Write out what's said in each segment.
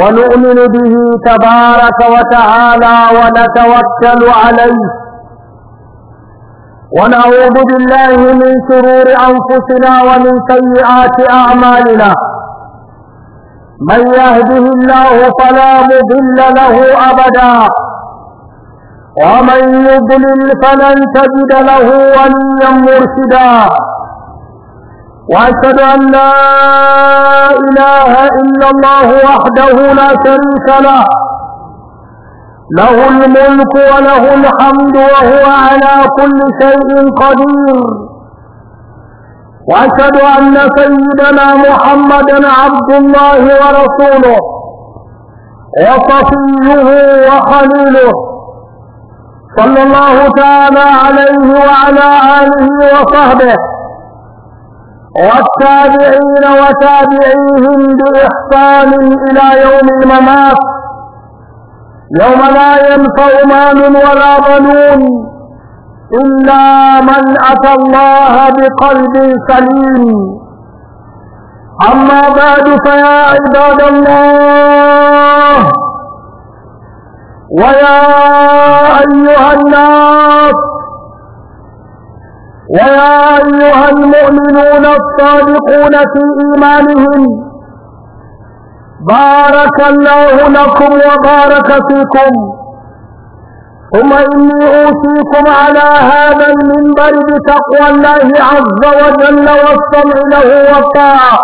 ونؤمن به تبارك وتعالى ونتوكل عليه ونعوذ بالله من شرور انفسنا ومن سيئات اعمالنا من يهده الله فلا مضل له ابدا ومن يضلل فلن تجد له وليا مرشدا وأشهد أن لا إله إلا الله وحده لا شريك له له الملك وله الحمد وهو على كل شيء قدير وأشهد أن سيدنا محمدا عبد الله ورسوله وصفيه وخليله صلى الله تعالى عليه وعلى آله وصحبه والتابعين وتابعيهم بإحسان إلى يوم الممات يوم لا ينفع مال ولا بنون إلا من أتى الله بقلب سليم أما بعد فيا عباد الله ويا أيها الناس ويا أيها المؤمنون الصادقون في إيمانهم بارك الله لكم وبارك فيكم ثم إني أوصيكم على هذا المنبر بتقوى الله عز وجل والسمع له والطاعة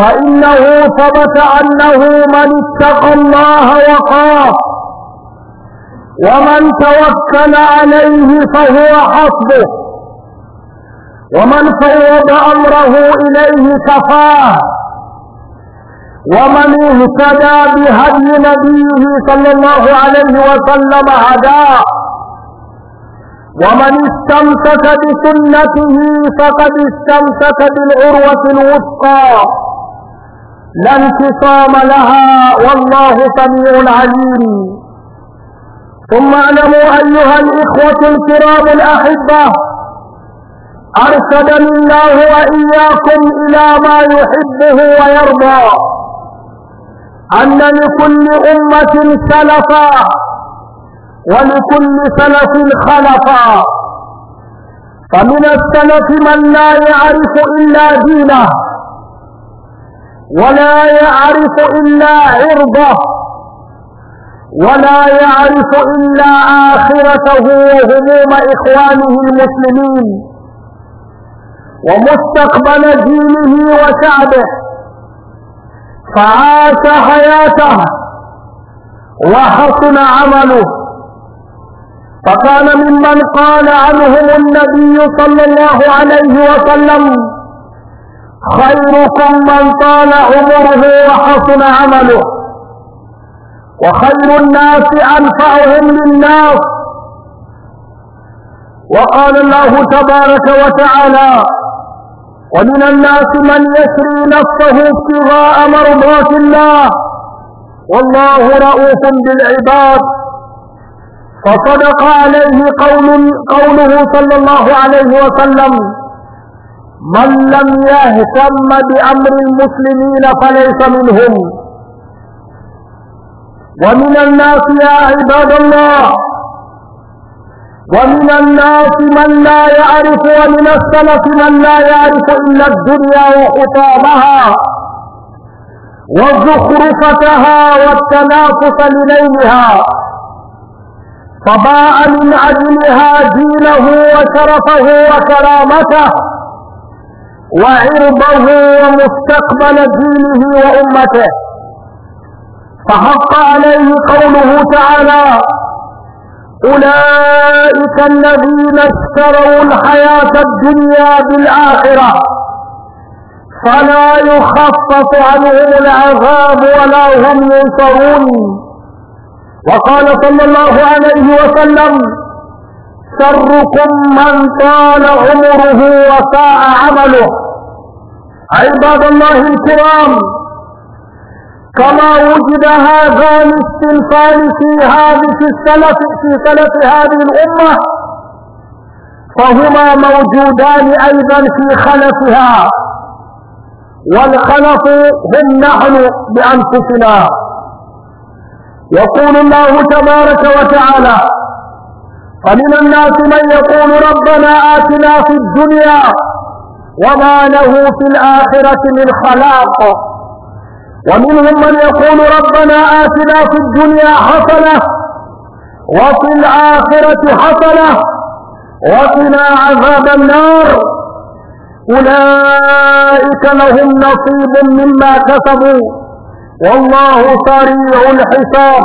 فإنه ثبت أنه من اتقى الله وقاه ومن توكل عليه فهو حسبه ومن فوض امره اليه كفاه ومن اهتدى بهدي نبيه صلى الله عليه وسلم هداه ومن استمسك بسنته فقد استمسك بالعروة الوثقى لا انتصام لها والله سميع عليم ثم اعلموا أيها الإخوة الكرام الأحبة أرشدني الله وإياكم إلى ما يحبه ويرضى أن لكل أمة سلفا ولكل سلف خلفا فمن السلف من لا يعرف إلا دينه ولا يعرف إلا عرضه ولا يعرف إلا آخرته وهموم إخوانه المسلمين ومستقبل دينه وشعبه فعاش حياته وحسن عمله فكان ممن قال عنهم النبي صلى الله عليه وسلم خيركم من طال عمره وحسن عمله وخير الناس أنفعهم للناس وقال الله تبارك وتعالى ومن الناس من يسري نفسه ابتغاء مرضات الله والله رؤوف بالعباد فصدق عليه قول قوله صلى الله عليه وسلم من لم يهتم بأمر المسلمين فليس منهم ومن الناس يا عباد الله ومن الناس من لا يعرف ومن السلف من لا يعرف إلا الدنيا وحطامها وزخرفتها والتنافس لليلها فباع من أجلها دينه وشرفه وكرامته وعرضه ومستقبل دينه وأمته فحق عليه قوله تعالى أولئك الذين اشتروا الحياة الدنيا بالآخرة فلا يخفف عنهم العذاب ولا هم ينصرون وقال صلى الله عليه وسلم شركم من طال عمره وساء عمله عباد الله الكرام كما وجد هذا السلفان في هذه السلف في سلف هذه الأمة فهما موجودان أيضا في خلفها والخلف هم نحن بأنفسنا يقول الله تبارك وتعالى فمن الناس من يقول ربنا آتنا في الدنيا وما له في الآخرة من خلاق ومنهم من يقول ربنا آتنا في الدنيا حسنة وفي الآخرة حسنة وقنا عذاب النار أولئك لهم نصيب مما كسبوا والله سريع الحساب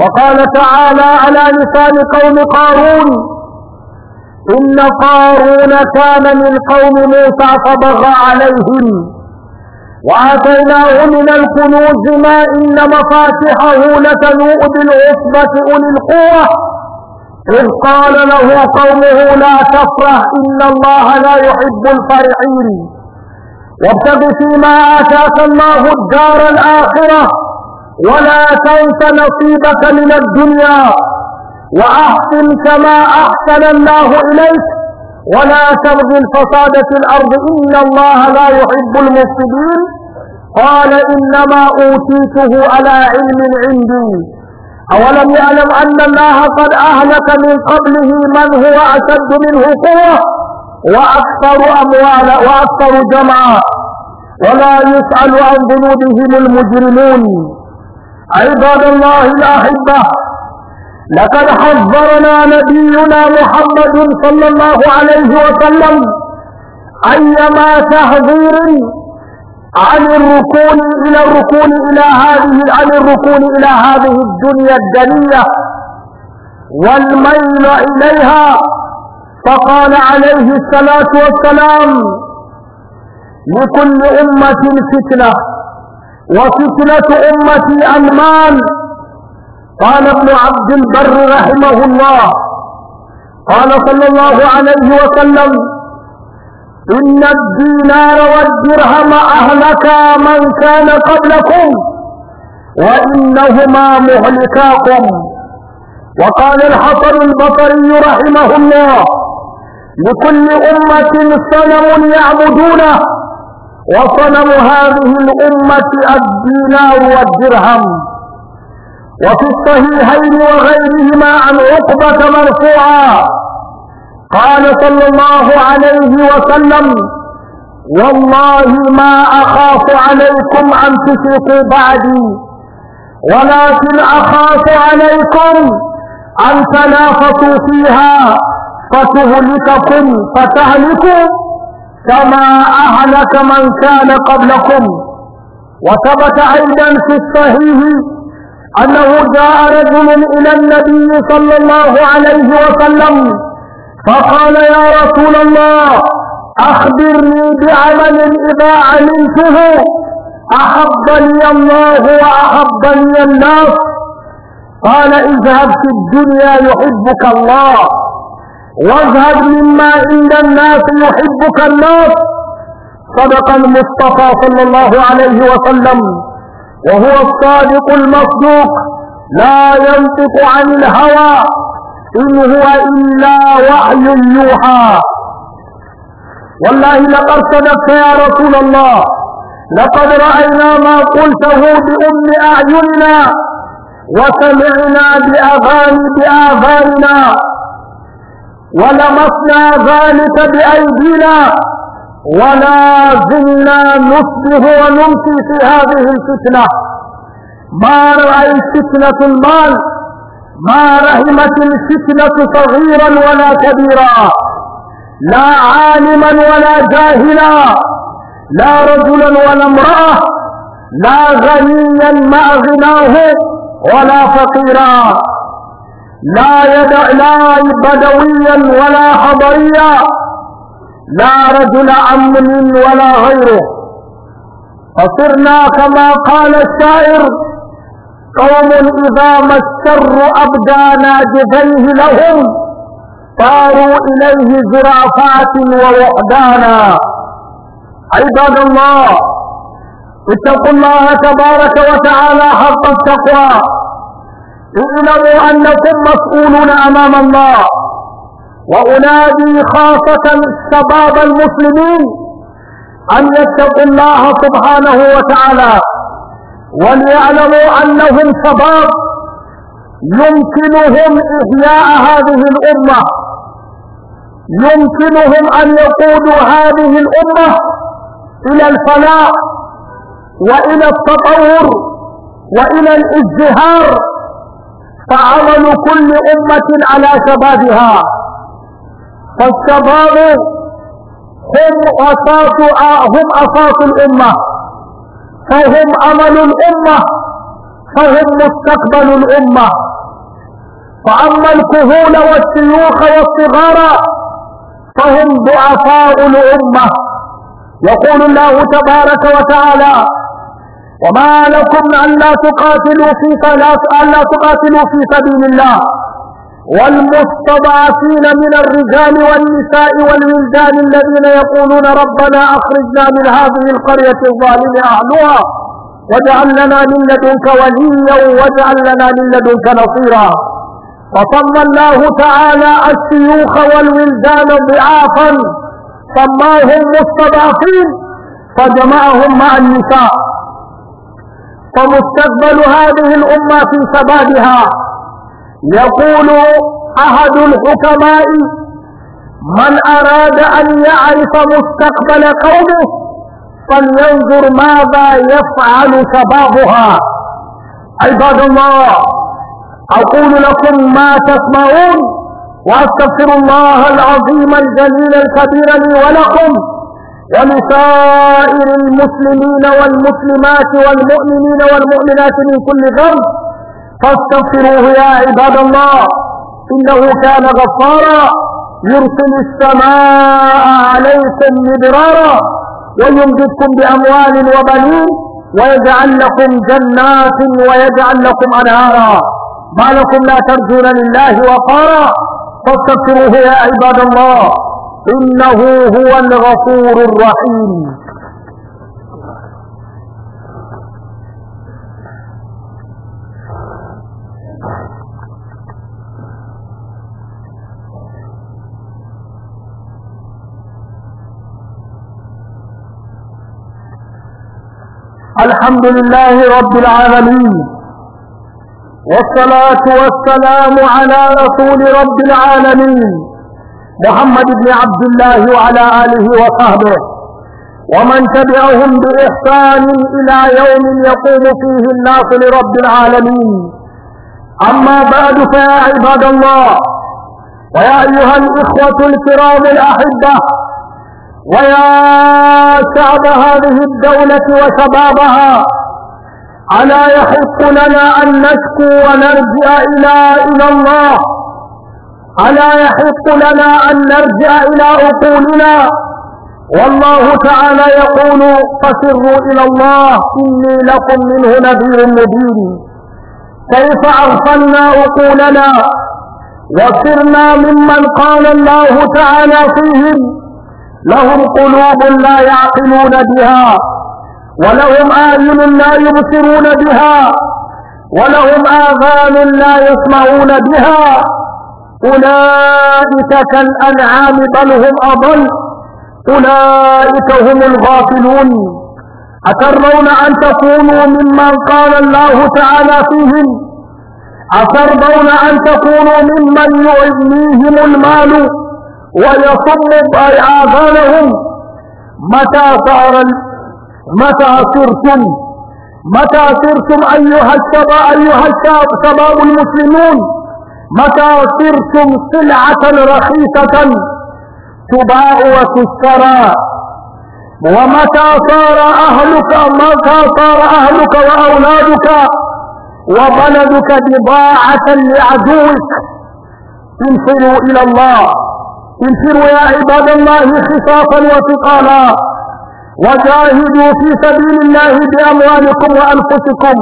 وقال تعالى على لسان قوم قارون إن قارون كان من قوم موسى فبغى عليهم وآتيناه من الكنوز ما إن مفاتحه لتنوء بالعصبة أولي القوة إذ قال له قومه لا تفرح إن الله لا يحب الفرحين وابتغ فيما آتاك الله الدار الآخرة ولا تنس نصيبك من الدنيا وأحسن كما أحسن الله إليك ولا تبغي الفساد في الأرض إن الله لا يحب المفسدين قال إنما أوتيته على علم عندي أولم يعلم أن الله قد أهلك من قبله من هو أشد منه قوة وأكثر أموالا وأكثر جمعا ولا يسأل عن ذنوبهم المجرمون عباد الله الأحبة لقد حذرنا نبينا محمد صلى الله عليه وسلم أيما تحذير عن الركون إلى الركون إلى هذه عن الركون إلى هذه الدنيا الدنية والميل إليها فقال عليه الصلاة والسلام لكل أمة فتنة وفتنة أمتي المال قال ابن عبد البر رحمه الله قال صلى الله عليه وسلم إن الدينار والدرهم أهلكا من كان قبلكم وإنهما مهلكاكم وقال الحسن البصري رحمه الله لكل أمة صنم يعبدونه وصنم هذه الأمة الدينار والدرهم وفي الصحيحين وغيرهما عن عقبة مرفوعا قال صلى الله عليه وسلم والله ما أخاف عليكم أن تشركوا بعدي ولكن أخاف عليكم أن تنافسوا فيها فتهلككم فتهلكوا كما أهلك من كان قبلكم وثبت أيضا في الصحيح أنه جاء رجل إلى النبي صلى الله عليه وسلم فقال يا رسول الله أخبرني بعمل إذا علمته أحبني الله وأحبني الناس قال اذهب في الدنيا يحبك الله واذهب مما عند الناس يحبك الناس صدق المصطفى صلى الله عليه وسلم وهو الصادق المصدوق لا ينطق عن الهوى إن هو إلا وحي يوحى والله لقد صدقت يا رسول الله لقد رأينا ما قلته بأم أعيننا وسمعنا بأغاني بآذاننا ولمسنا ذلك بأيدينا ولا زلنا نصبح ونمسي في هذه الفتنة ما رأيت فتنة المال ما رحمت الفتنة صغيرا ولا كبيرا لا عالما ولا جاهلا لا رجلا ولا امرأة لا غنيا مع غناه ولا فقيرا لا يدع لا بدويا ولا حضريا لا رجل عم ولا غيره فصرنا كما قال الشاعر قوم إذا ما الشر أبدى ناجذيه لهم صاروا إليه زرافات ووحدانا عباد الله اتقوا الله تبارك وتعالى حق التقوى اعلموا أنكم مسؤولون أمام الله وأنادي خاصة شباب المسلمين أن يتقوا الله سبحانه وتعالى وليعلموا أنهم شباب يمكنهم إحياء هذه الأمة يمكنهم أن يقودوا هذه الأمة إلى الفلاح وإلى التطور وإلى الازدهار فعمل كل أمة على شبابها فالشباب هم أساس هم أساس الأمة فهم أمل الأمة فهم مستقبل الأمة فأما الكهول والشيوخ والصغار فهم ضعفاء الأمة يقول الله تبارك وتعالى وما لكم ألا تقاتلوا في ألا تقاتلوا في سبيل الله والمستضعفين من الرجال والنساء والولدان الذين يقولون ربنا أخرجنا من هذه القرية الظالم أهلها واجعل لنا من لدنك وليا واجعل لنا من لدنك نصيرا فصلى الله تعالى الشيوخ والولدان ضعافا سماهم مستضعفين فجمعهم مع النساء فمستقبل هذه الأمة في شبابها يقول أحد الحكماء من أراد أن يعرف مستقبل قومه فلينظر ماذا يفعل شبابها عباد الله أقول لكم ما تسمعون وأستغفر الله العظيم الجليل الكبير لي ولكم ولسائر المسلمين والمسلمات والمؤمنين والمؤمنات من كل ذنب فاستغفروه يا عباد الله إنه كان غفارا يرسل السماء عليكم مدرارا ويمددكم بأموال وبنين ويجعل لكم جنات ويجعل لكم أنهارا ما لكم لا ترجون لله وقارا فاستغفروه يا عباد الله إنه هو الغفور الرحيم الحمد لله رب العالمين والصلاة والسلام على رسول رب العالمين محمد بن عبد الله وعلى آله وصحبه ومن تبعهم بإحسان إلى يوم يقوم فيه الناس لرب العالمين أما بعد فيا عباد الله ويا أيها الإخوة الكرام الأحبة ويا شعب هذه الدولة وشبابها ألا يحق لنا أن نشكو ونرجع إلى إلى الله ألا يحق لنا أن نرجع إلى عقولنا والله تعالى يقول فسروا إلى الله إني لكم منه نذير مبين كيف أغفلنا عقولنا وصرنا ممن قال الله تعالى فيهم لهم قلوب لا يعقلون بها ولهم اعين لا يبصرون بها ولهم اذان لا يسمعون بها اولئك كالانعام بل هم اضل اولئك هم الغافلون اترون ان تكونوا ممن قال الله تعالى فيهم اترون ان تكونوا ممن يغنيهم المال ويصم آذانهم متى صار متى صرتم متى صرتم أيها الشباب أيها الشباب المسلمون متى صرتم سلعة رخيصة تباع وتشترى ومتى صار أهلك متى صار أهلك وأولادك وبلدك بضاعة لعدوك انصروا إلى الله انفروا يا عباد الله خصاصا وثقالا وجاهدوا في سبيل الله بأموالكم وأنفسكم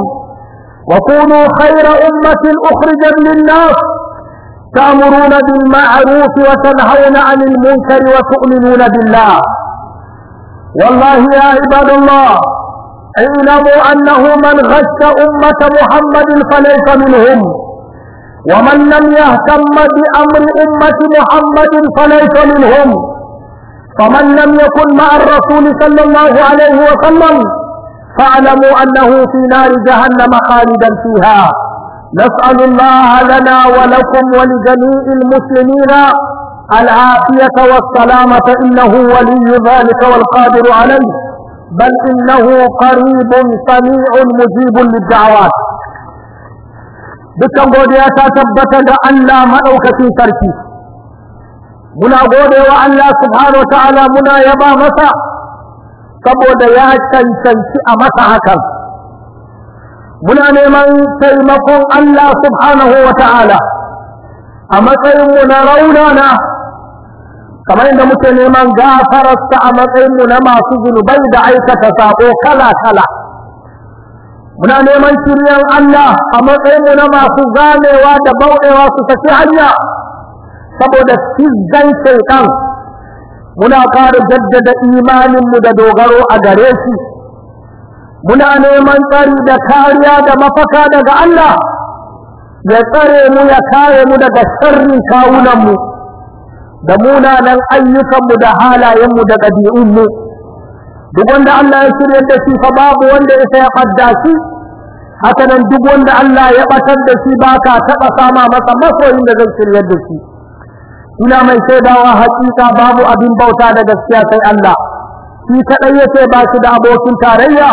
وكونوا خير أمة أخرجت للناس تأمرون بالمعروف وتنهون عن المنكر وتؤمنون بالله والله يا عباد الله اعلموا أنه من غش أمة محمد فليس منهم ومن لم يهتم بأمر أمة محمد فليس منهم فمن لم يكن مع الرسول صلى الله عليه وسلم فاعلموا أنه في نار جهنم خالدا فيها نسأل الله لنا ولكم ولجميع المسلمين العافية والسلامة إنه ولي ذلك والقادر عليه بل إنه قريب سميع مجيب للدعوات dukkan godiya ta tabbatar da Allah maɗaukacin sarki muna godewa Allah subhanahu ta'ala muna yaba masa saboda ya cancanci a masa hakan muna neman taimakon Allah subhanahu wa ta'ala a matsayinmu na raunana kamar yadda muke neman gafararsa a matsayinmu na masu zunubai da aikata sako kala-kala muna neman shiryan Allah a matsayin mu na masu ganewa da bauɗewa su kashe hanya saboda fizgan shaitan muna ƙara jaddada imaninmu da dogaro a gare shi muna neman tsari da kariya da mafaka daga Allah ya tsare mu ya kare mu daga sharrin kawunanmu da munanan ayyukanmu da halayenmu da mu. duk wanda Allah ya shirya da shi fa babu wanda ya sai fadda shi haka nan duk wanda Allah ya batar da shi ba ka taba sama masa masoyin da zai shirya da shi ina mai shaidawa hakika babu abin bauta da gaskiya sai Allah shi kadai sai ba shi da abokin tarayya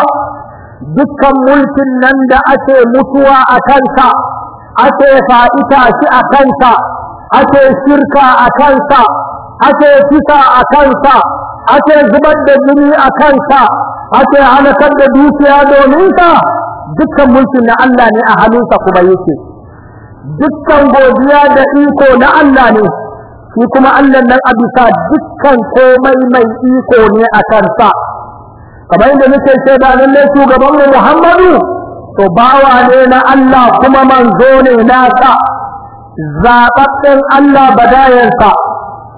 dukkan mulkin nan da ake mutuwa a kansa ake fa'ita shi a kansa ake shirka a kansa ake kisa a kansa ake zubar da jini a kansa ake halakar da dukiya domin sa dukkan mulkin na Allah ne a hannunsa kuma yake dukkan godiya da iko na Allah ne shi kuma Allah nan a bisa dukkan komai mai iko ne a kansa kamar yadda nake ce ba ne shugaban mu Muhammadu to bawa ne na Allah kuma manzo ne nasa zaɓaɓɓen Allah badayansa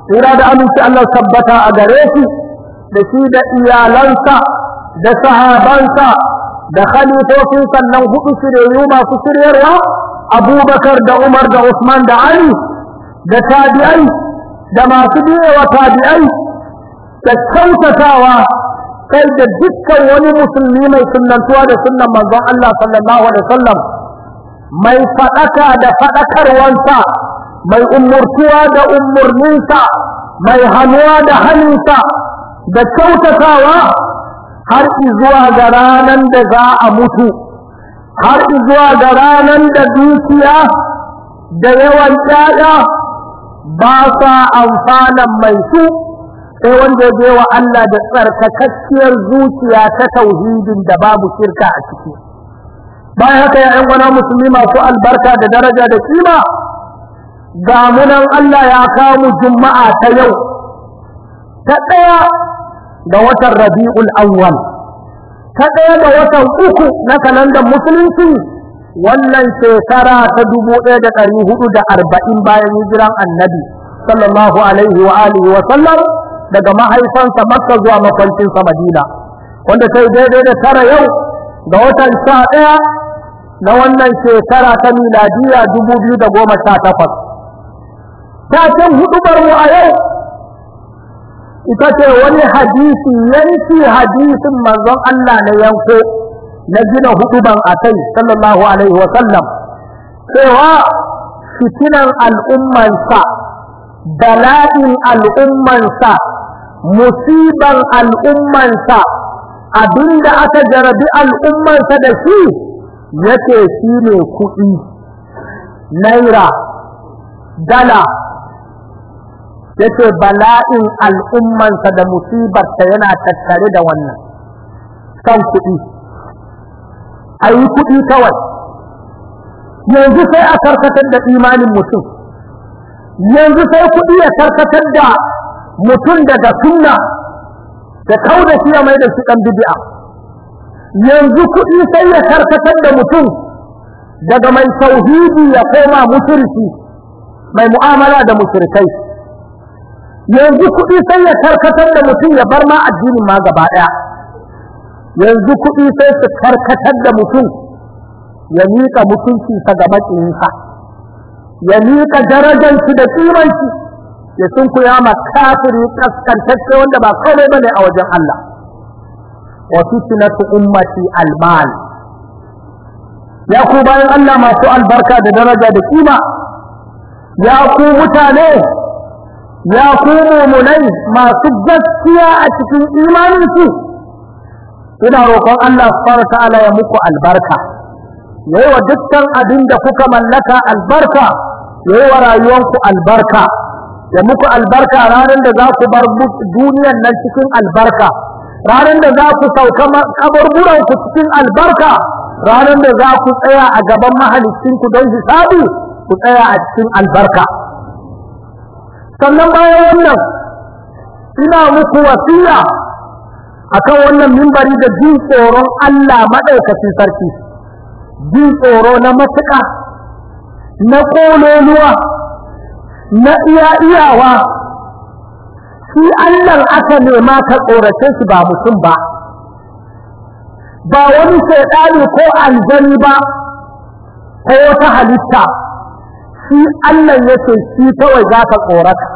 tsira da aminci Allah tabbata a gare shi da shi da iyalansa da sahabansa da khalifofin sannan hudu shiryu masu shiryarwa abubakar da umar da usman da ali da tabi'ai da masu biyewa tabi'ai da kyautatawa kai da dukkan wani musulmi mai sunnantuwa da sunnan manzon Allah sallallahu alaihi wasallam mai faɗaka da faɗakarwansa mai umurtuwa da umurninsa mai hannuwa da hannunsa da kyautatawa har zuwa ga ranar da za a mutu har zuwa ga ranar da dukiya da yawan ƴaƴa ba sa amfanan mai su sai wanda ya bewa Allah da tsarkakakkiyar zuciya ta tauhidin da babu shirka a ciki bayan haka ya'yan wana musulmi masu albarka da daraja da kima damunan Allah ya kamu juma'a ta yau ta ɗaya ga watan rabi'ul awwal ta ɗaya da watan uku na kalandar musulunci wannan shekara ta dubu ɗaya da ɗari hudu da arba'in bayan hijiran annabi sallallahu alaihi wa alihi wa sallam daga mahaifansa makka zuwa makwancinsa madina wanda sai daidai da tara yau ga watan sha ɗaya na wannan shekara ta miladiya dubu biyu da goma sha takwas taken hudubar mu a yau ita ce wani hadisi yanki hadisin manzon Allah na yanko na gina huduban a kai sallallahu alaihi wa sallam cewa fitinan al'ummansa bala'in al'ummansa musiban al'ummansa abinda aka jarabi al'ummansa da shi yake shi ne kuɗi naira dala yace bala'in al'ummansa da musibarta yana tattare da wannan kan kuɗi a yi kuɗi kawai yanzu sai a karkatar da imanin mutum yanzu sai kuɗi ya karkatar da mutum daga sunna da kau da shi ya mai da shi ɗan bidi'a yanzu kuɗi sai ya karkatar da mutum daga mai tauhidi ya koma musulci mai mu'amala da musulkai yanzu kuɗi sai ya karkatar da mutum ya bar ma addinin ma gaba ɗaya yanzu kuɗi sai su karkatar da mutum ya miƙa mutunci ta ga maƙiyinsa ya miƙa darajanci da tsiranci ya sunkuya ma kafiri kaskantacce wanda ba kawai ne a wajen Allah wa fitnatu ummati almal ya ku bayan Allah masu albarka da daraja da kima ya ku mutane ya ku mumunai masu gaskiya a cikin imaninsu ina roƙon Allah subhanahu ta'ala ya muku albarka yayi wa dukkan abin da kuka mallaka albarka yayi wa rayuwanku albarka ya muku albarka ranar da za ku bar duniyar nan cikin albarka ranar da za ku sauka kaburburan ku cikin albarka ranar da za ku tsaya a gaban mahaliccin ku don hisabi ku tsaya a cikin albarka sannan bayan wannan ina muku wasiya akan wannan mimbari da jin tsoron Allah maɗaukacin sarki jin tsoro na matuƙa na ƙololuwa na iya iyawa shi Allah aka nema ka tsorace shi ba mutum ba ba wani shaiɗani ko aljani ba ko wata halitta shi Allah yake shi kawai za ka tsorata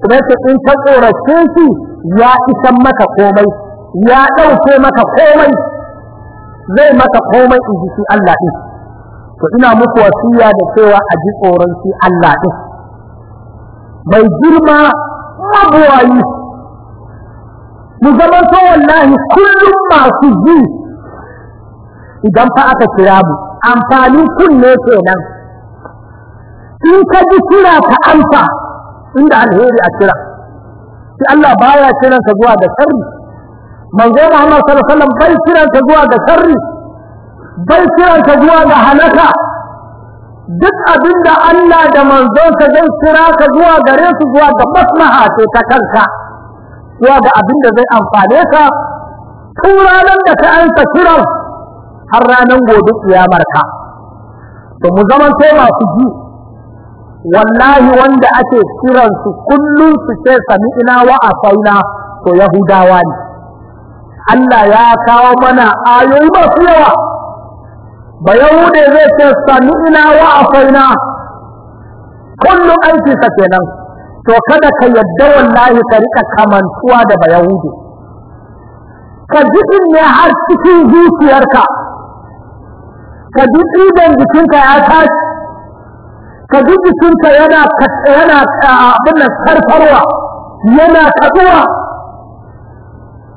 kuma yake in ka tsorace shi ya isan maka komai ya ɗauke maka komai zai maka komai in ji shi Allah ɗin to ina muku wasiya da cewa a ji tsoron shi Allah ɗin mai girma mabuwayi mu zama so wallahi kullum masu ji idan fa aka kira mu amfanin kunne kenan in ka ji kira ka amsa inda alheri a kira shi Allah baya kiran ka zuwa da sharri manzo Muhammad sallallahu alaihi wasallam bai kiran ka zuwa da sharri bai kiran ka zuwa da halaka duk abinda Allah da manzonsa zai kira ka zuwa gare su zuwa ga maslaha ce ta kanka zuwa ga abinda zai amfane ka tun ranar da ka ansa kiran har ranar gobe kiyamar ka to mu zaman sai masu ji wallahi wanda ake kiran su kullum su ce sami'ina wa faina to yahudawa ne Allah ya kawo mana ayoyi masu yawa ba yahude zai ce sami'ina wa afaina kullum aiki sa kenan to kada ka yadda wallahi ka rika kamantuwa da ba yahude ka ji ne har cikin zuciyarka ka ji idan jikinka ya tashi ka ji jikinka yana yana abin nan karfarwa yana kaduwa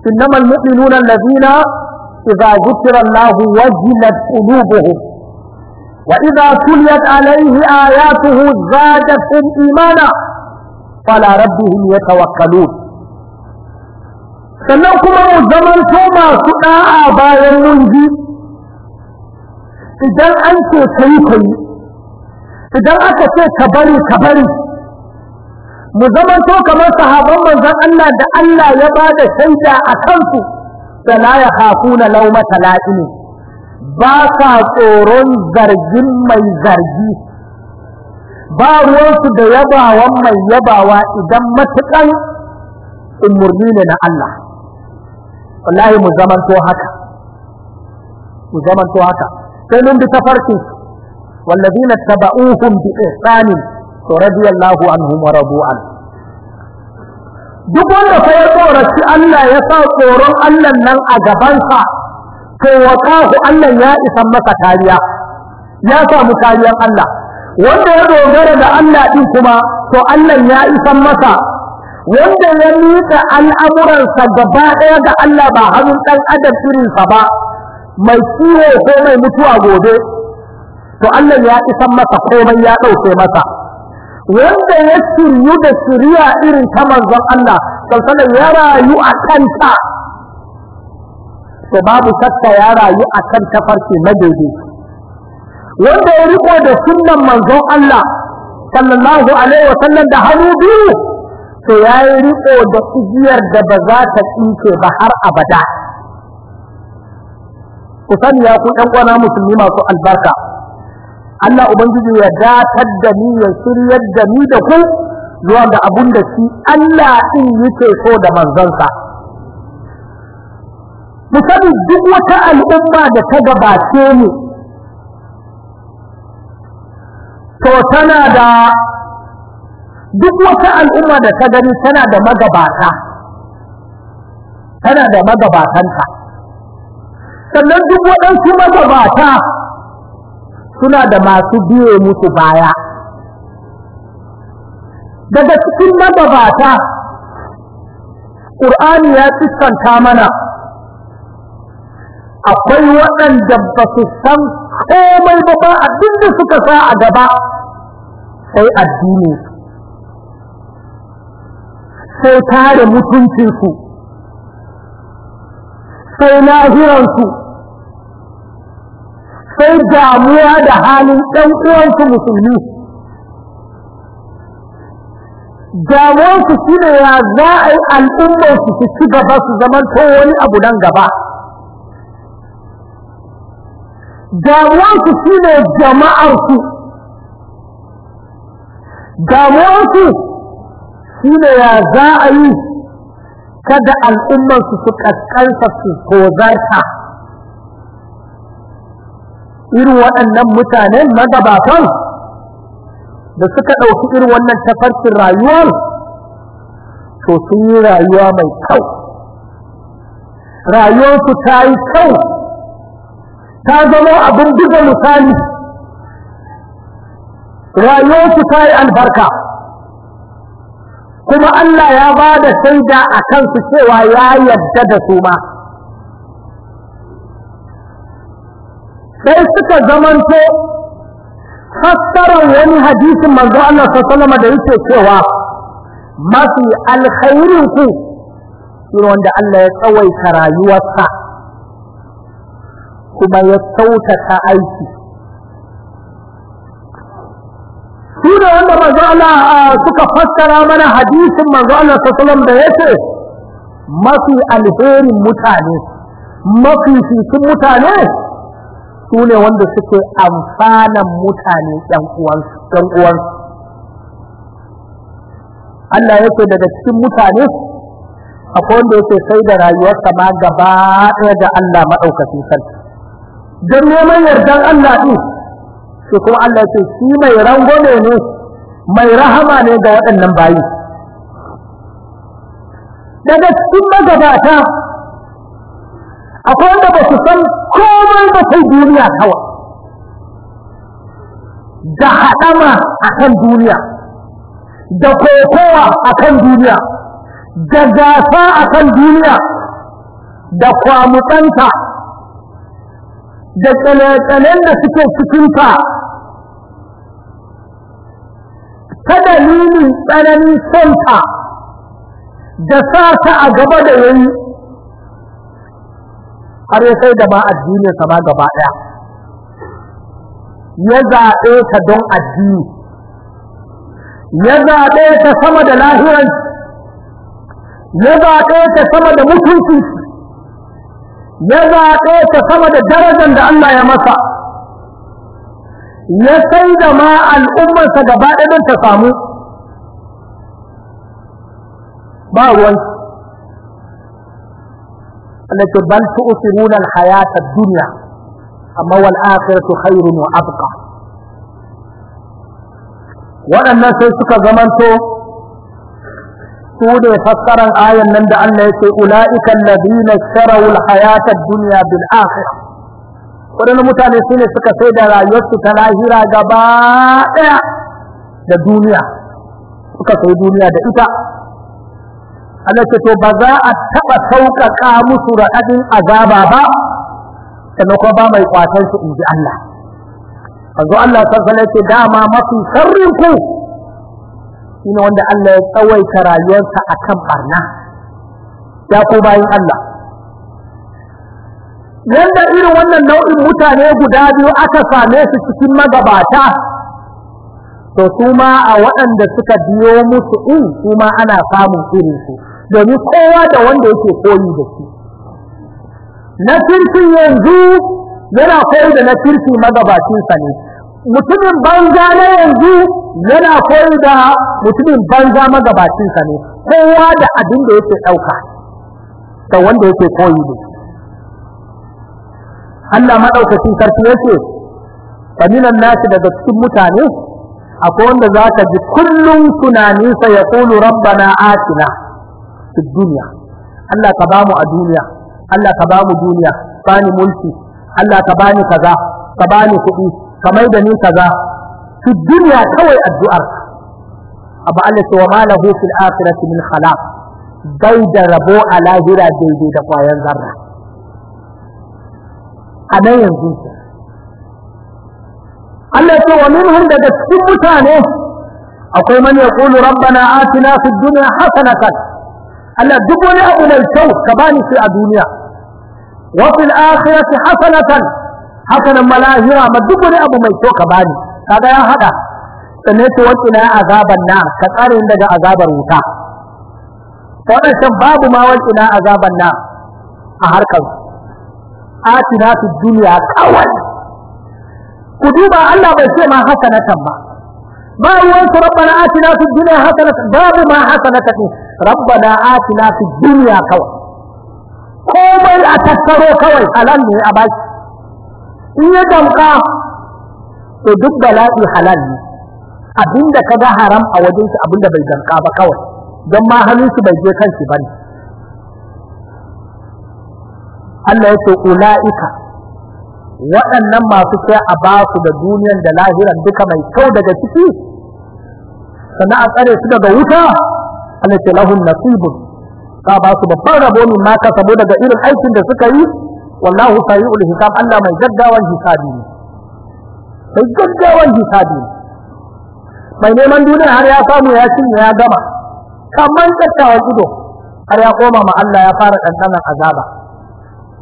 إنما المؤمنون الذين إذا ذكر الله وجلت قلوبهم وإذا تليت عليه آياته زادتهم إيمانا فلا ربهم يتوكلون sannan kuma mu zamanto masu ɗa'a bayan mun ji idan an ce kai kai idan aka ce ka bari ka bari mu zamanto kamar sahaban manzon Allah da Allah ya ba da shaida a kansu da la ya hafuna laumata la'ini ba sa tsoron zargin mai zargi ba ruwansu da yabawan mai yabawa idan matukan umarni ne na Allah wallahi mu zamanto haka mu zamanto haka sai mun bi tafarkin والذين اتبعوهم بإحسان رضي الله عنهم ورضوا عنه duk wanda fa ya tsoraci Allah ya sa tsoron Allah nan a gabansa to waqahu Allah ya isa masa kariya ya samu kariyar Allah wanda ya dogara da Allah din kuma to Allah ya isa masa wanda ya miƙa al'amuransa gaba ɗaya ga Allah ba hannun ɗan adam irinsa ba mai ciwo ko mai mutuwa gobe to Allah ya isan masa komai ya ɗauke masa wanda ya shiryu da shirya irin ta manzon Allah sallallahu ya rayu a kanta to babu shakka ya rayu a kan tafarki na daidai wanda ya riko da sunnan manzon Allah sallallahu alaihi wa sallam da hannu biyu to ya yi riko da igiyar da ba za ta tsinke ba har abada ku sani ya ku ɗan musulmi masu albarka Allah ubangiji ya datar da ni ya shiryar da ni da ku zuwa ga abun da shi Allah din yake so da manzansa Musabi duk wata al'umma da ta gabace ni, to tana da duk wata al'umma da ta gani tana da magabata tana da magabatanta sannan duk waɗansu magabata suna da masu biye musu baya daga cikin magabata ƙur'ani ya tsistanta mana akwai waɗanda ba su san komai ba ba abin da suka sa a gaba sai addini sai tare mutuncinsu sai lahiransu sai damuwa da halin ɗan uwansu musulmi damuwarsu shi ne ya za a yi al'ummarsu su ci gaba su zaman to wani abu nan gaba damuwarsu shi ne jama'arsu damuwarsu shi ne ya za a yi kada al'ummarsu su kaskanta su zarta irin waɗannan mutanen magabatan da suka ɗauki irin wannan tafarkin rayuwar to sun yi rayuwa mai kyau rayuwarsu ta yi kyau ta zama abin buga misali rayuwarsu ta yi albarka kuma Allah ya ba da shaida a kansu cewa ya yarda da su ma suka zamanto fassarar wani hadisin manzo Allah sallallahu da yake cewa mafi alkhairin ku shine wanda Allah ya tsawaita rayuwarsa kuma ya kyautata aiki shi ne wanda manzo Allah suka fassara mana hadisin manzo Allah sallallahu da yake mafi alherin mutane mafi fitin mutane su ne wanda suke amfanan mutane ɗan uwansu Allah ya ce daga cikin mutane akwai wanda yake sai da rayuwarsa ma gaba ɗaya da Allah maɗaukacin sarki don neman yardan Allah ɗin shi kuma Allah ya ce shi mai rangone ne mai rahama ne ga waɗannan bayi daga cikin magabata akwai wanda ba su san komai ba sai duniya kawai da haɗama a kan duniya da kokowa a kan duniya da gasa a kan duniya da kwamutsanta da tsale da suke cikinta ta dalilin tsananin sonta da sa ta a gaba da yayi har ya sai da ma addinin sa ma gaba ɗaya, ya zaɓe ta don addini ya zaɓe ta sama da lahiran ya zaɓe ta sama da mutunci ya zaɓe ta sama da darajar da Allah ya masa ya sai da ma al'ummarsa gaba ɗaya don ta samu ba ruwansu التي بل تؤثرون الحياة الدنيا waɗannan sai suka zamanto su ne fassaran ayan nan da Allah ya ce ula'ika alladhina ishtaraw alhayata ad-dunya bil akhirah waɗannan mutane su ne suka sai da rayuwarsu ta lahira gaba da duniya suka sayi duniya da ita Allah ce to ba za a taɓa sauƙaƙa musu raɗaɗin azaba ba sannan kuma ba mai kwatan su ji Allah Wanzu Allah sallallahu ce dama mafi sharrin ku shine wanda Allah ya tsawaita rayuwarsa akan barna ya ku bayan Allah yadda irin wannan nau'in mutane guda biyu aka same su cikin magabata to su ma a waɗanda suka biyo musu in su ma ana samun irin su domin kowa da wanda yake koyi da shi na kirkin yanzu yana koyi da na kirki magabacinsa ne mutumin banza na yanzu yana koyi da mutumin banza magabacinsa ne kowa da abin da yake ɗauka da wanda yake koyi da shi Allah maɗaukacin sarki yake faminan nasu daga cikin mutane akwai wanda za ka ji kullum tunaninsa ya kulu rabbana atina fi duniya Allah ka ba a duniya Allah ka bamu mu duniya bani mulki Allah ka bani kaza ka bani kuɗi ka mai da ni kaza fi duniya kawai addu'ar abu Allah ce wa ma lahu fil akhirati min bai da rabo a lahira daidai da kwayan zarra a nan yanzu Allah ce wa minhum daga cikin mutane akwai man yaqulu rabbana atina fid dunya hasanatan Allah duk wani abu mai kyau ka bani shi a duniya wa fil akhirati hasanatan hasanan malahira ma duk wani abu mai kyau ka bani kaga ya hada sannan ce wacce na azaban na ka tsare daga azabar wuta waɗancan babu ma wacce na azaban na a harkar atina fi duniya kawai ku duba Allah bai ce ma hasanatan ba ba ruwan su rabbana atina fi duniya hasanatan babu ma hasanatan rabbana atina fi dunya kawai komai a tattaro kawai halal ne a baki in ya damka to duk bala'i halal ne abinda ka ga haram a wajen shi abinda bai damka ba kawai don ma hannun shi bai je kansi ba bane Allah ya ce ula'ika waɗannan masu sai a ba su da duniyar da lahiran duka mai kyau daga ciki sana'a tsare su daga wuta Allah ce lahum nasibun ka ba su babban rabo min saboda ka irin aikin da suka yi wallahu sayyul hisab Allah mai gaggawan hisabi ne mai gaggawan hisabi ne mai neman duniya har ya samu ya cinye ya gama kamar tsakkawar ido har ya koma ma Allah ya fara ɗanɗanon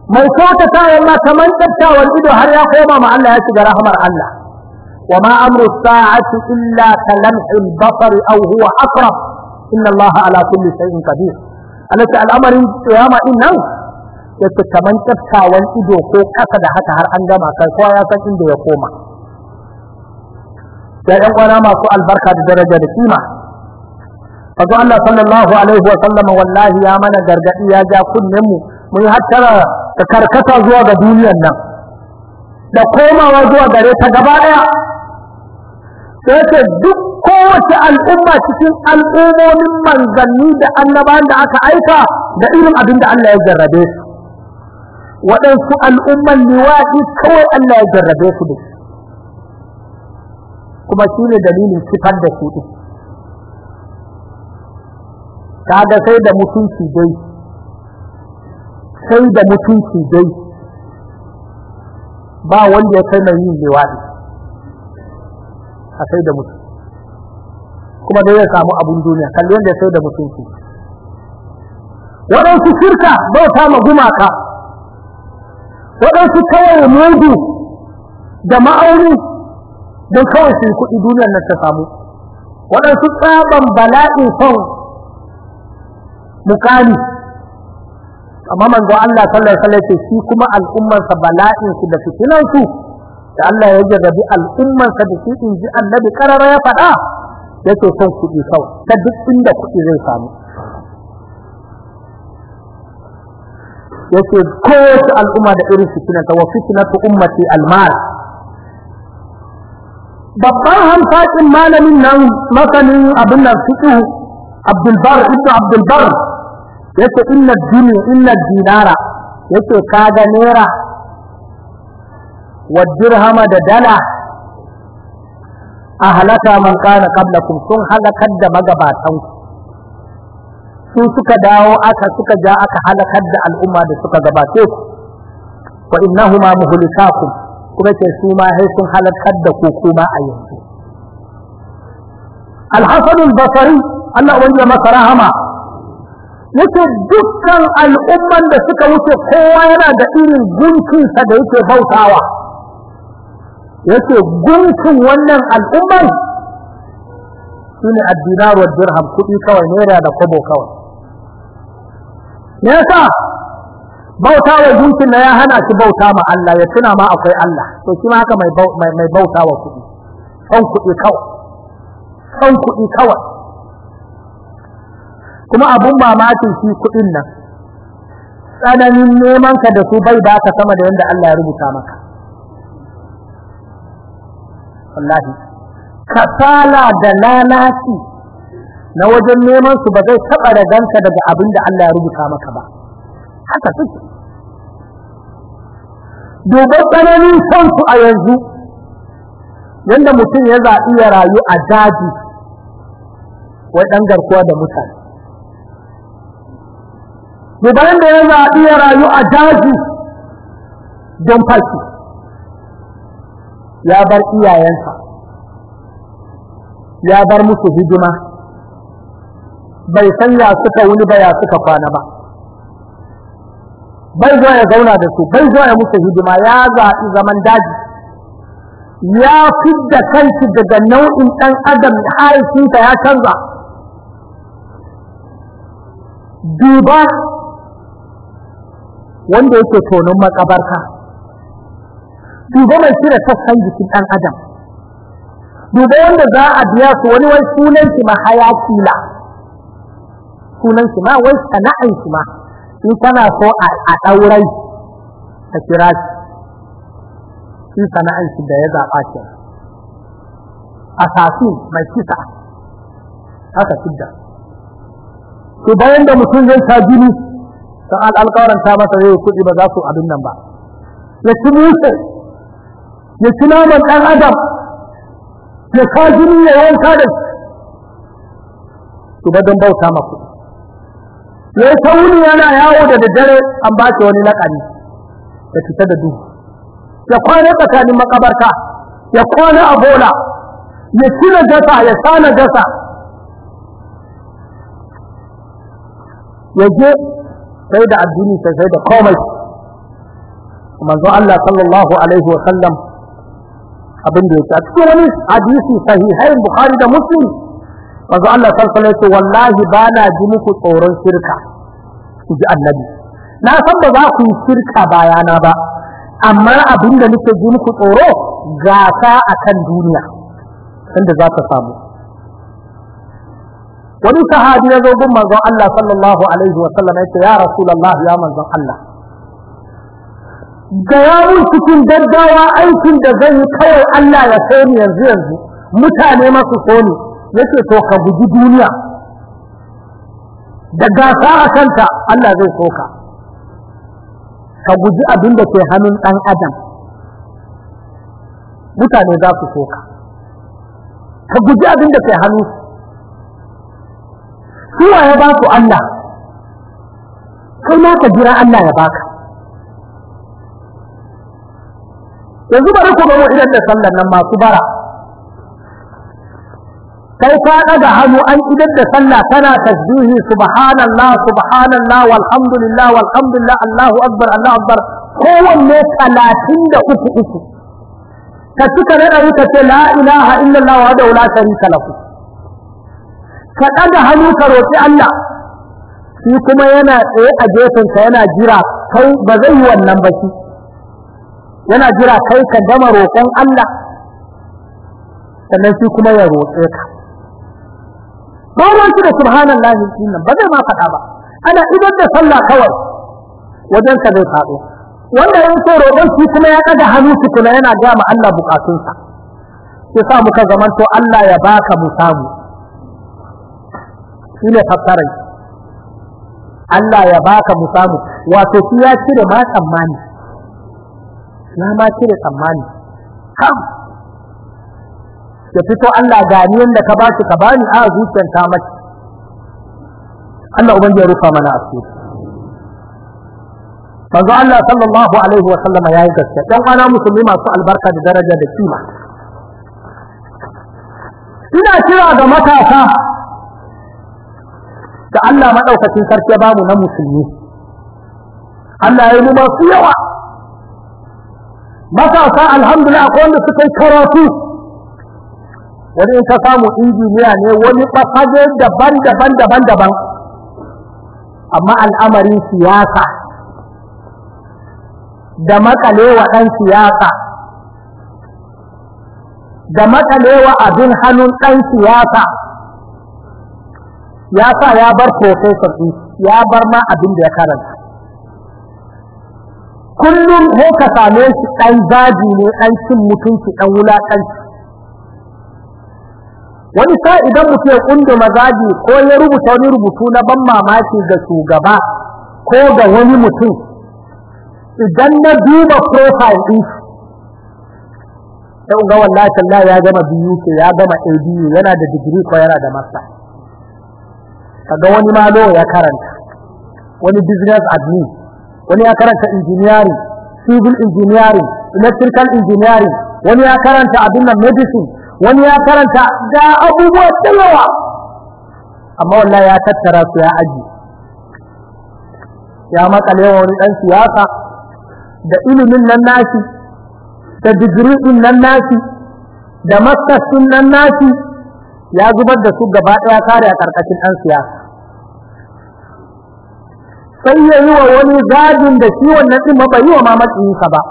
mai kyautata ma ido har ya koma ma Allah ya shiga rahmar Allah وما أمر illa إلا كلمح البصر أو هو أقرب inna allaha ala kulli shay'in qadir alaka al'amarin kiyama din nan yace kaman tsaftawan ido ko kasa da haka har an gama kai kowa ya san inda ya koma ya ɗan kwana masu albarka da daraja da kima Fazo Allah sallallahu alaihi wa sallam wallahi ya mana gargadi ya ja kunnen mu mun hattara da karkata zuwa ga duniyar nan da komawa zuwa gare ta gaba daya sai ce duk kowace al'umma cikin al'ummomin manzanni da annabawan da aka aika da irin abin da Allah ya jarrabe su waɗansu al'umman liwaɗi kawai Allah ya jarrabe su ne. kuma shi ne dalilin kifar da su ɗin kaga sai da mutunci dai sai da mutunci dai ba wanda ya kai mai yin liwaɗi a sai da mutunci kuma dai zai samu abun duniya kalli wanda ya sai da mutunci waɗansu shirka bauta ma gumaka waɗansu kawai mudu da ma'auni don kawai su yi kuɗi duniyar nan ta samu waɗansu tsaban bala'in son mukami amma manzo Allah sallallahu alaihi wasallam shi kuma al'ummarsa bala'in su da fitinan su da Allah ya jarrabi al'ummarsa da shi inji annabi karara ya faɗa yake son kuɗi kawai ta duk inda kuɗi zai samu Ya yake kowace al'umma da irin fitinan ta wa ta ummati al-mal babban hamfakin malamin nan masanin abin nan fiqh Abdul Bar ibn Abdul Bar yace inna dunya inna dinara Ya ce kaga naira wa dirhama da dala a halaka man kana qablakum sun halakar da magabatan ku. su suka dawo aka suka ja aka halakar da al'umma da suka gabace ku wa innahuma muhlikakum kuma ce su ma sai sun halakar da ku kuma a yanzu al-hasan al-basri Allah wani ya masa rahama yace dukkan al'umman da suka wuce kowa yana da irin gunkinsa da yake bautawa yace gunkin wannan al'ummar shine ad-dinar wa dirham kudi kawai naira da kobo kawai yasa bauta wa gunkin na ya hana shi bauta ma Allah ya tuna ma akwai Allah to shi ma haka mai mai bauta wa kudi kan kudi kawai kan kudi kawai kuma abun mamakin shi kudin nan tsananin neman ka da su bai baka sama da yanda Allah ya rubuta maka wallahi kasala da lalaci na wajen neman su ba zai taɓa raganka daga abin da Allah ya rubuta maka ba haka suke duba tsananin son su a yanzu yadda mutum ya zaɓi ya rayu a daji wai ɗan garkuwa da mutane duba yadda ya zaɓi ya rayu a daji don fashi ya bar iyayensa ya bar musu hidima bai san ya suka wuni ba ya suka kwana ba bai zo ya zauna da su bai zo ya musu hidima ya zaɓi zaman daji ya fidda kanki daga nau'in ɗan adam haifinsa ya canza duba wanda yake tonon makabarka duba mai cire sassan jikin ɗan adam duba wanda za a biya su wani wai sunan shi ma hayaki la sunan shi ma wai sana'an shi ma in kana so a daurai ka kira shi shi sana'an shi da ya zaba shi asasi mai kisa haka kidda to bayan da mutum zai ta jini ta alƙawarin ta masa zai kuɗi ba za su abin nan ba ya ci musu ya ci naman ɗan adam ya ka jini ya wanka da shi su don bauta maku. ya yi sauni yana yawo da daddare an ba shi wani laƙani da fita da duhu ya kwana tsakanin makabarta ya kwana a bola ya ci na gasa ya sa na gasa ya je sai da addini sai da komai manzo Allah sallallahu alaihi wa sallam abin da ya ce a cikin wani hadisi sahihain bukhari da muslim wanzu Allah sallallahu alaihi wasallam wallahi ba na ji muku tsoron shirka ji annabi na san ba za ku yi shirka bayana ba amma abin da nake ji muku tsoro gasa a kan duniya inda za ta samu wani sahabi ya zo gun manzon Allah sallallahu alaihi wasallam ya ce ya rasulullah ya manzon Allah gaya cikin daddawa aikin da zan yi kawai Allah ya soni ni yanzu yanzu mutane masu so ni yace to ka guji duniya da gasa a kanta Allah zai so ka ka guji abin da ke hannun ɗan adam mutane za su so ka ka guji abin da ke hannu su ya ba ku Allah kai ma ka jira Allah ya baka yanzu bari ku gamo idan da sallar nan masu bara kai ka daga hannu an idan da sallah tana tasbihi subhanallah subhanallah walhamdulillah walhamdulillah Allahu akbar Allahu akbar kowanne 33 uku ka cika da ɗari ka ce la ilaha illallah da la sharika lahu ka daga hannu ka roƙi Allah shi kuma yana tsaye a ka yana jira kai ba zai yi wannan ba shi yana jira kai ka gama roƙon Allah sannan shi kuma ya roƙe ka sauran shi da subhanallah shi nan ba zai ma faɗa ba ana idan da sallah kawai wajen ka zai faɗo wanda ya so roƙon shi kuma ya ɗaga hannu shi kuma yana gaya ma Allah buƙatunsa sai sa muka zamanto Allah ya baka mu samu shi ne fassarai, Allah ya baka mu samu wato shi ya cire ma tsammani na ma cire tsammani kam ya fito Allah ganiyan da ka bashi ka bani a zuciyar ta mace Allah ubangi ya rufa mana asiri manzo Allah sallallahu alaihi wa sallama yi gaske dan ana musulmi masu albarka da daraja da kima ina kira ga matasa da Allah madaukakin sarki ba mu na musulmi Allah ya yi su yawa matasa alhamdulillah akwai wanda suka yi karatu wani in ka samu injiniya ne wani fasaje daban daban daban daban amma al'amarin siyasa da makalewa ɗan siyasa da makalewa abin hannun ɗan siyasa ya sa ya bar profesor ya bar ma abin da ya karanta kullum ko ka same shi ɗan zaji ne ɗan cin mutunci ɗan wulaƙanci wani sa idan mutum ya kunduma zaji ko ya rubuta wani rubutu na ban mamaki ga shugaba ko ga wani mutum idan na duba profile ɗin sai ga wallahi tallahi ya gama biyu ke ya gama ABU yana da digiri ko yana da master kaga wani ma ya karanta wani business admin wani ya karanta injiniyari, civil engineering electrical engineering wani ya karanta abin nan medicine wani ya karanta da abubuwa da yawa amma wallahi ya tattara su ya aji ya makale wani dan siyasa da ilimin nan nashi da digiri din nan nashi da masters din nan nashi ya zubar da su gaba daya kare a karkashin dan siyasa sai ya yi wa wani zagin da shi wannan ɗin ma bai yi wa ma maƙiyinsa ba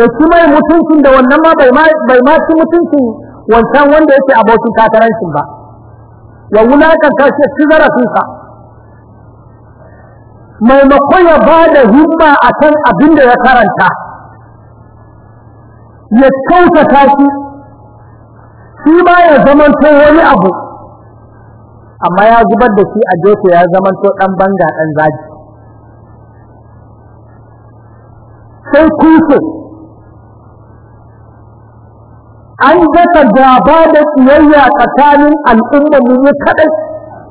ya ci mai mutuncin da wannan ma bai ma ci mutuncin wancan wanda yake abokin katarancin ba ya wulakanta shi ci zarafinsa maimakon ya ba da himma a kan abin da ya karanta ya kautata shi shi ba ya zamanto wani abu amma ya zubar da shi a gefe ya zamanto ɗan banga dan zaki sai kuso an gasa ba da tsiyayya tsakanin al'umma mu ne kadai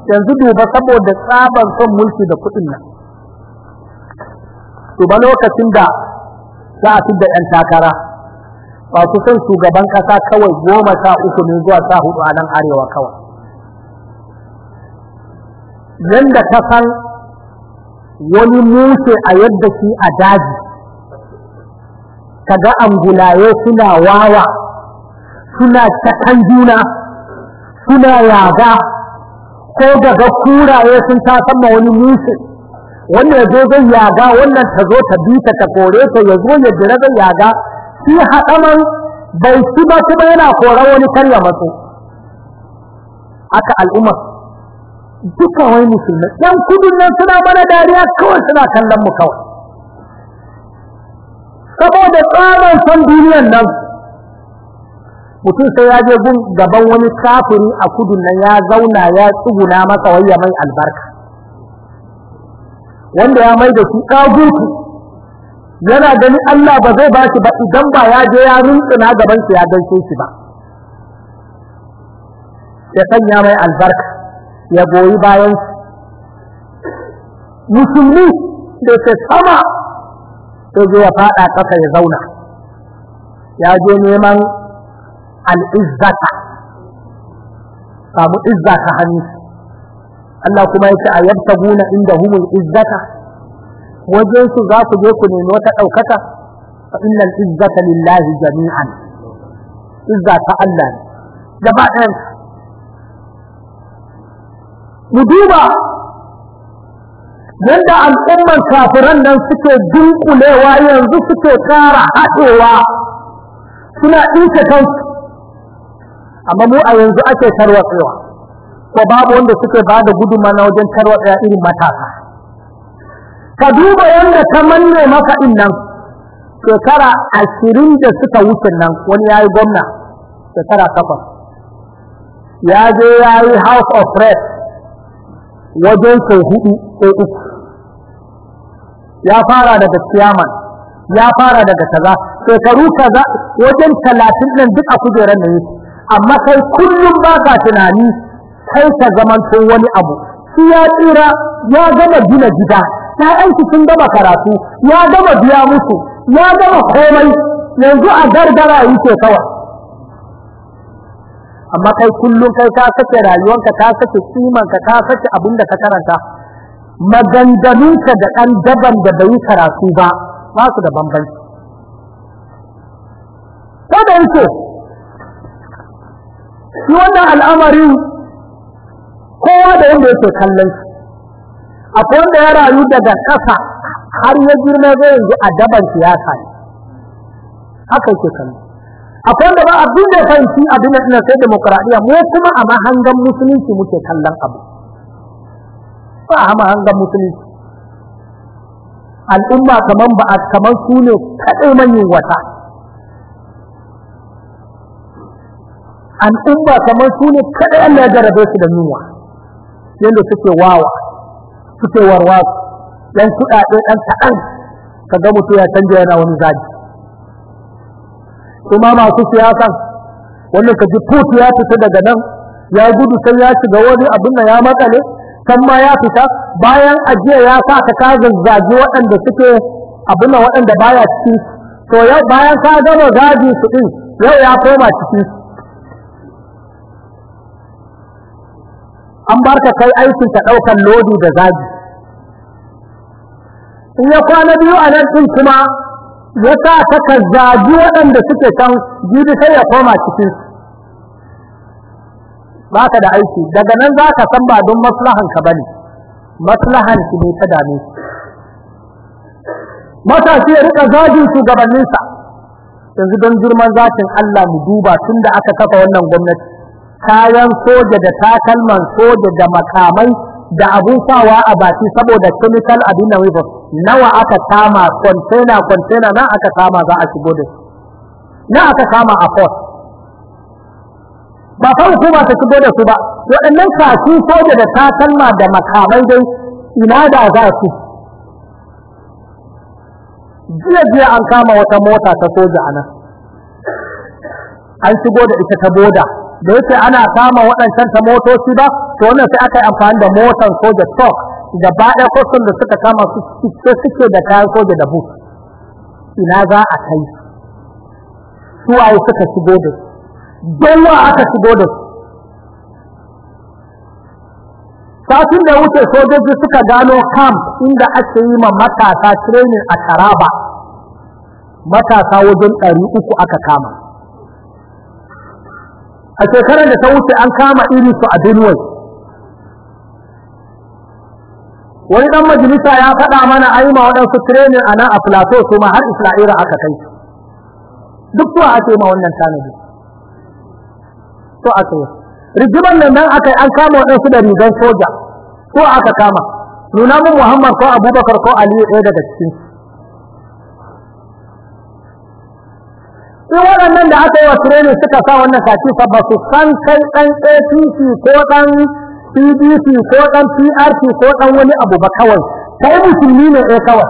yanzu duba saboda tsaban son mulki da kuɗin nan duba lokacin da za a fi da 'yan takara ba su son shugaban ƙasa kawai goma sha uku ne zuwa sa hudu a nan arewa kawai yanda ta san wani mushe a yadda shi a daji kaga angulaye suna wawa suna cakan juna suna yaga ko daga kuraye sun ta sama wani mushe wannan ya zo zai yaga wannan ta zo ta bi ta ta kore ta ya zo ya jira zai yaga shi haɗaman bai ci ba kuma yana koran wani karya masu haka al'ummar duka wai musulmi. Yan kudin nan suna mana dariya kawai suna kallon mu kawai saboda tsarin son duniyan nan mutum sai ya je gun gaban wani kafiri a kudin nan ya zauna ya tsuguna masa wayya mai albarka wanda ya mai da shi ɗagutu yana gani Allah ba zai ba shi ba idan ba ya je ya rintsina gaban shi ya gaishe shi ba ya sanya mai albarka ya goyi bayan musulmi da ke sama sai zo ya fada kasa ya zauna ya je neman al'izzata samu izza ta hannu Allah kuma yake a guna inda humul izzata wajen su za ku je ku nemi wata ɗaukata, fa innal izzata lillahi jami'an izza ta Allah gaba mu duba yadda al'ummar kafiran nan suke dunkulewa yanzu suke kara haɗewa suna ɗinka kansu amma mu a yanzu ake tarwatsewa ko babu wanda suke ba da guduma na wajen tarwatsewa irin matasa ka duba yadda ta manne maka nan shekara ashirin da suka wuce nan wani ya yi gwamna shekara takwas ya je ya yi house of reps wajen sau hudu ko uku ya fara daga siyaman, ya fara daga kaza shekaru kaza wajen talatin nan duk a kujerar da yake amma kai kullum ba ka tunani kai ka to wani abu shi ya tsira ya gama gina gida aiki sun gama karatu ya gama biya musu ya gama komai yanzu a gargara yake kawai amma kai kullum kai ka sake rayuwarka ka sake kimanka ka sake abin da ka karanta maganganunka da ɗan daban da bai karatu ba ba su da bambanci ko da yake shi wannan al'amarin kowa da wanda yake kallon shi akwai wanda ya rayu daga ƙasa har ya girma zai yi a daban siyasa ne haka yake kallon akwai wanda ba abin da ya fahimci abin duniya ina sai demokradiya mu kuma a mahangan musulunci muke kallon abu ba a mahangan musulunci al'umma kaman ba a kaman su ne kaɗai manyan wata al'umma kaman su ne kaɗai an ya jarabe su da yunwa yadda suke wawa suke warwa ɗan kuɗaɗe ɗan kaɗan kaga mutum ya canja yana wani zaji kuma masu siyasa wannan ka ji ya fita daga nan ya gudu sai ya shiga wani abin da ya matsale kan ma ya fita bayan ajiya ya sa ka ka zazzagi waɗanda suke abin da waɗanda baya ciki to bayan ka gama zagi su ɗin, yau ya koma ciki an bar ka kai aikin ka ɗaukan lodi da zagi in ya kwana biyu a nan ɗin kuma ya sa ta waɗanda suke can jibi sai ya koma cikin ba ka da aiki daga nan za ka san ba don maslahan ka bane maslahan ki ne ta dame matashi ya rika zagin shugabanninsa yanzu don girman zakin Allah mu duba tun da aka kafa wannan gwamnati kayan soja da takalman soja da makamai da abun sawa a baki saboda chemical abin nan weapon nawa aka kama container container na aka kama za a shigo da na aka kama a port ba fa hukuma ta shigo da su ba waɗannan kashi soja da takalma da makamai dai ina da za su jiya jiya an kama wata mota ta soja a nan an shigo da ita ta boda da yake ana kama waɗancan ta motoci ba to wannan sai aka yi amfani da motar soja stock gaba ɗaya kwasan da suka kama su suke da kayan soja da bus ina za a kai su waye suka shigo da don wa aka shigo da su satin da wuce sojoji suka gano camp inda ake yi ma matasa training a taraba matasa wajen ɗari uku aka kama a shekarar da ta wuce an kama irin su a Benue wani dan majalisa ya faɗa mana a yi ma waɗansu training a nan a plateau su ma har isra'ira aka kai duk kuwa ake ma wannan tanadi to aka yi rigiman nan nan aka yi an kama waɗansu da rigar soja ko aka kama nuna mun Muhammad ko Abubakar ko Aliyu ɗaya daga cikin sai waɗannan da aka yi wa tireni suka sa wannan katifa ba su san kai ɗan apc ko ɗan PDC ko ɗan prc ko ɗan wani abu ba kawai kai musulmi ne eh kawai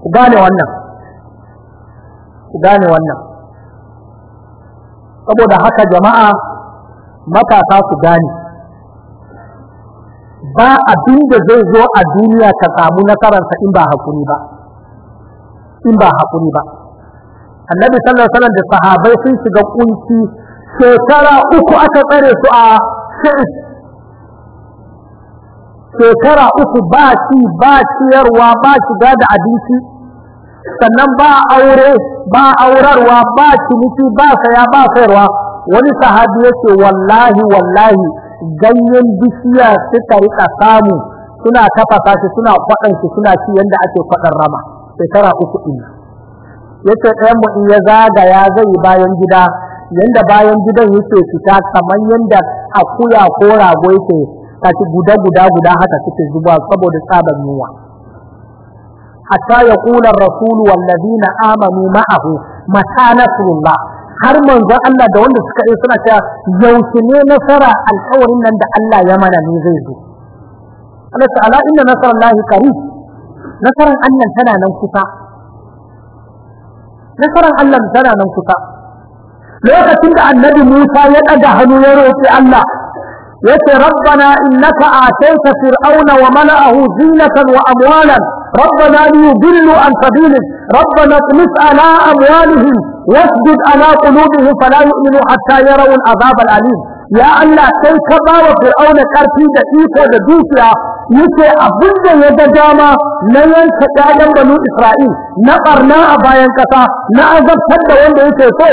ku gane wannan ku gane wannan saboda haka jama'a matasa su gane ba abin da zai zo a duniya ka samu nasararsa in ba hakuri ba in ba hakuri ba annabi sallallahu alaihi da sahabai sun shiga kunci shekara uku aka tsare su a shi'is shekara uku ba shi ba ciyarwa ba shiga da abinci sannan ba aure ba aurarwa ba ciniki ba saya ba sayarwa wani sahabi yace wallahi wallahi ganyen bishiya suka rika samu suna tafasa shi suna kwaɗan shi suna ci yanda ake kwaɗan rama shekara uku ɗin yace ɗayan mu in ya zagaya zai bayan gida yanda bayan gidan yake fita kamar yanda akuya ko rago yake kaci guda guda guda haka suke zuba saboda tsaban yunwa hatta yaqula kula rasulu wal amanu ma'ahu mata nasrullah har manzo Allah da wanda suka yi suna cewa yaushe ne nasara alƙawarin nan da Allah ya mana ne zai zo Allah ta'ala inna lahi qarib nasaran annan tana nan kusa nasarar Allah tana nan kusa lokacin da annabi Musa ya ɗaga hannu ya roƙi Allah yace rabbana innaka ataita fir'auna wa mala'ahu zinatan wa amwalan ربنا ليضلوا عن سبيلك ربنا اطمس على اموالهم واسجد على قلوبهم فلا يؤمنوا حتى يروا العذاب الاليم ya Allah sai ka ba wa fir'auna karfi da iko da dukiya yace abin da ya ga dama na yanka ƴaƴan banu Isra'il na barna a bayan ƙasa na azabtar da wanda yake so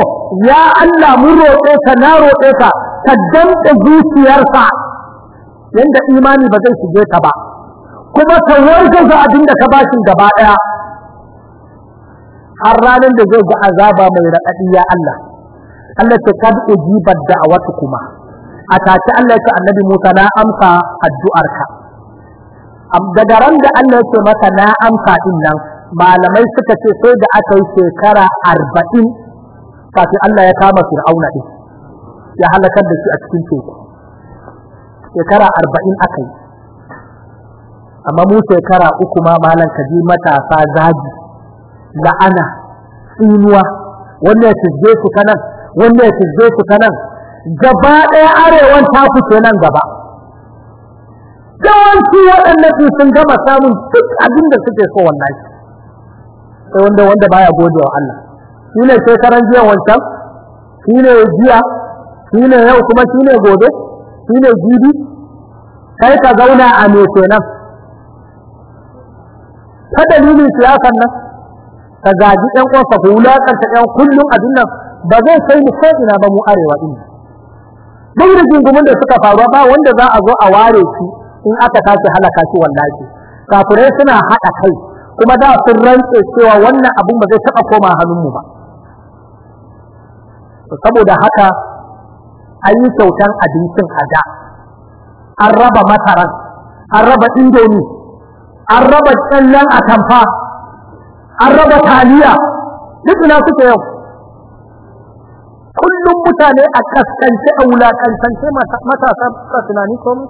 ya Allah mun roƙe ka na roƙe ka ka damƙe zuciyarsa yanda imani ba zai shige ka ba kuma ka wargaza abin da ka bashi gaba ɗaya har ranar da zai ga azaba mai raɗaɗi ya Allah Allah ta kad ujibat da'awatu kuma a Allah ya ce annabi Musa na amsa addu'arka daga ran da Allah ya ce masa na amsa din nan malamai suka ce sai da aka yi shekara arba'in kafin Allah ya kama fir'auna din ya halakar da shi a cikin teku shekara arba'in aka yi amma mu shekara uku ma malam kaji matasa zagi la'ana tsinuwa wannan ya tizge su kanan wannan ya tizge su kanan gaba ɗaya arewan ta fito nan gaba yawanci waɗannan su sun gama samun duk abin da suke so wallahi sai wanda wanda baya gode wa Allah shi ne shekaran jiya wancan shi ne jiya shi ne yau kuma shi ne gobe shi ne jibi kai ka zauna a me kenan ta dalilin siyasan nan ka gaji yan ƙwansa ku ta yan kullum abin nan ba zai kai mu ko ina ba mu arewa ɗin duk rigingumin da suka faru ba wanda za a zo a ware shi in aka tashi halaka shi wallahi kafirai suna haɗa kai kuma da sun rantse cewa wannan abun ba zai taɓa koma hannunmu ba saboda haka an yi kyautan abincin a da an raba mataran, an raba indomi an raba tsallen atamfa an raba taliya duk na suke yau kullum mutane a kaskance a wulakantance matasa ba tunani komai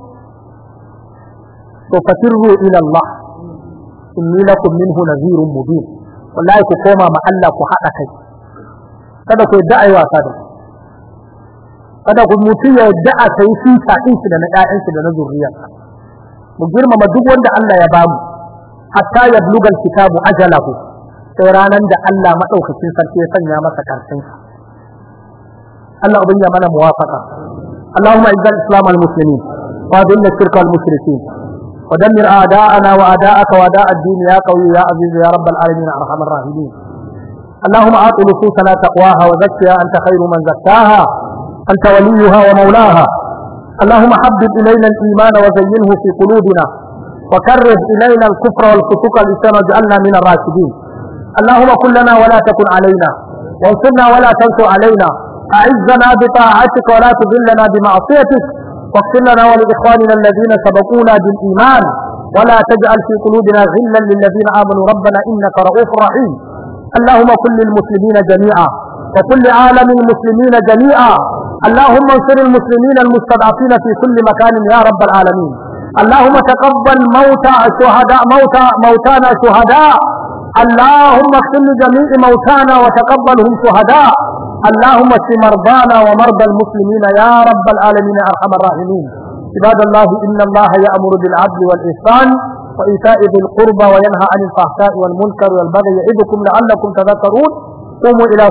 to fatirru ila Allah inni lakum minhu nadhirun mubin wallahi ku koma ma Allah ku hada kai kada ku yadda ayi wasa da kada ku mutu ya yadda a kai shi sakin shi da na ƴaƴan shi da na zuriyar mu girmama duk wanda Allah ya bamu hatta ya blugal kitabu ajalahu sai ranan da Allah madaukakin sarki ya sanya masa karshen shi الله أبين من موافقة اللهم أعز الإسلام المسلمين وأذل الشرك المشركين ودمر أعداءنا وأعداءك وأعداء الدين يا قوي يا عزيز يا رب العالمين أرحم الراحمين اللهم أعط نفوسنا تقواها وزكها أنت خير من زكاها أنت وليها ومولاها اللهم حبب إلينا الإيمان وزينه في قلوبنا وكره إلينا الكفر والفسوق لسان واجعلنا من الراشدين اللهم كلنا ولا تكن علينا وانصرنا ولا تنصر علينا أعزنا بطاعتك ولا تذلنا بمعصيتك واغفر لنا ولإخواننا الذين سبقونا بالإيمان ولا تجعل في قلوبنا غلا للذين آمنوا ربنا إنك رؤوف رحيم اللهم كن للمسلمين جميعا وكل عالم المسلمين جميعا اللهم انصر المسلمين المستضعفين في كل مكان يا رب العالمين اللهم تقبل موتى شهداء موتى موتانا شهداء اللهم اغفر لجميع موتانا وتقبلهم شهداء اللهم اشف مرضانا ومرضى المسلمين يا رب العالمين ارحم الراحمين عباد الله ان الله يامر بالعدل والاحسان وايتاء ذي القربى وينهى عن الفحشاء والمنكر والبغي يعظكم لعلكم تذكرون قوموا الى